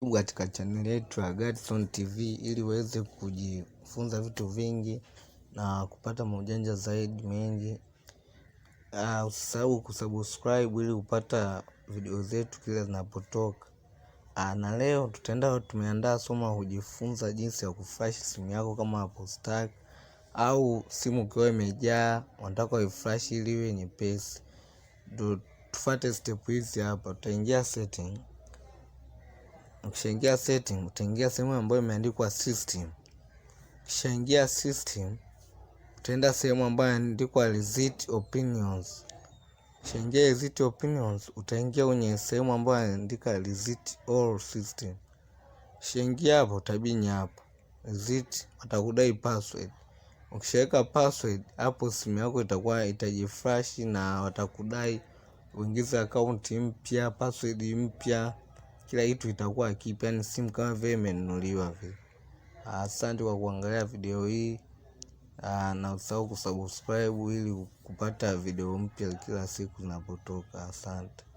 subscribe Katika channel yetu ya Gadson TV ili uweze kujifunza vitu vingi na kupata maujanja zaidi mengi. Ah, usisahau kusubscribe ili upata video zetu kila zinapotoka. Uh, Na leo tutaenda tumeandaa somo la kujifunza jinsi ya kuflash simu yako kama hapo stack au simu ukiwa imejaa unataka uiflash ili iwe nyepesi. Tufuate step hizi hapa, tutaingia setting Ukishaingia setting, utaingia sehemu ambayo imeandikwa system. Ukishaingia system, utaenda sehemu ambayo imeandikwa exit opinions. Ukishaingia exit opinions, utaingia kwenye sehemu ambayo imeandikwa exit all system. Ukishaingia hapo, utabinya hapo exit, watakudai password. Ukishaweka password hapo, simu yako itakuwa itajifresh na watakudai uingize akaunti mpya, password mpya kila kitu itakuwa kipya, yani simu kama vile imenunuliwa vile. Asante kwa kuangalia video hii ah, na usahau kusubscribe ili kupata video mpya kila siku zinapotoka. Asante.